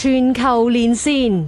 全球連線，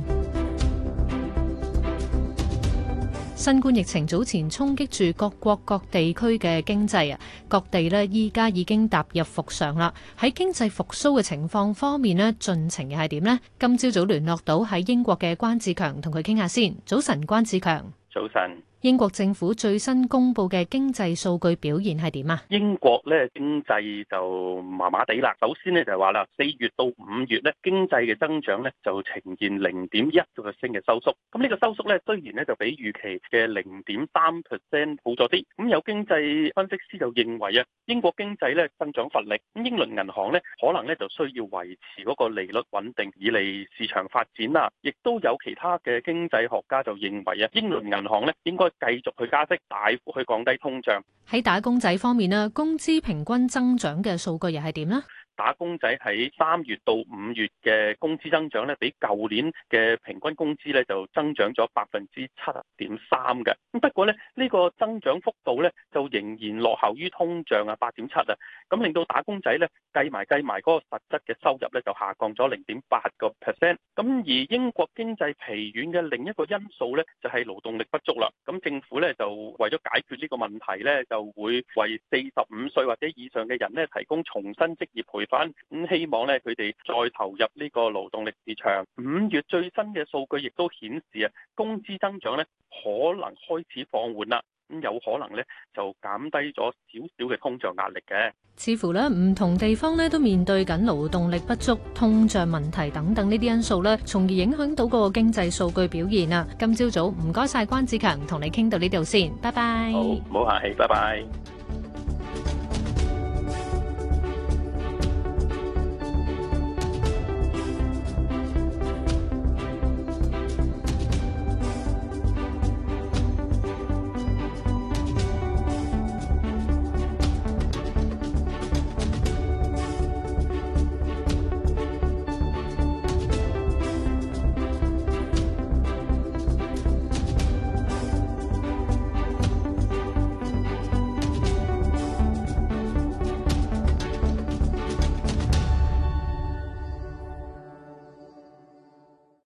新冠疫情早前衝擊住各國各地區嘅經濟啊，各地呢依家已經踏入復常啦。喺經濟復蘇嘅情況方面呢，進程又係點呢？今朝早聯絡到喺英國嘅關志強，同佢傾下先。早晨，關志強。早晨。英國政府最新公布嘅經濟數據表現係點啊？英國咧經濟就麻麻地啦。首先咧就話啦，四月到五月咧經濟嘅增長咧就呈現零點一個 percent 嘅收縮。咁呢個收縮咧雖然咧就比預期嘅零點三 percent 好咗啲。咁有經濟分析師就認為啊，英國經濟咧增長乏力。咁英倫銀行咧可能咧就需要維持嗰個利率穩定以嚟市場發展啦。亦都有其他嘅經濟學家就認為啊，英倫銀行咧應該。繼續去加息，大幅去降低通脹。喺打工仔方面呢，工資平均增長嘅數據又係點呢？打工仔喺三月到五月嘅工資增長咧，比舊年嘅平均工資咧就增長咗百分之七點三嘅。咁不過咧，呢個增長幅度咧就仍然落後於通脹啊，八點七啊。咁令到打工仔咧計埋計埋嗰個實質嘅收入咧就下降咗零點八個 percent。咁而英國經濟疲軟嘅另一個因素咧就係勞動力不足啦。咁政府咧就為咗解決呢個問題咧，就會為四十五歲或者以上嘅人咧提供重新職業培。反咁希望咧，佢哋再投入呢個勞動力市場。五月最新嘅數據亦都顯示啊，工資增長咧可能開始放緩啦，咁有可能咧就減低咗少少嘅通脹壓力嘅。似乎咧，唔同地方咧都面對緊勞動力不足、通脹問題等等呢啲因素咧，從而影響到個經濟數據表現啊。今朝早唔該曬關志強，同你傾到呢度先，拜拜。好，唔好客氣，拜拜。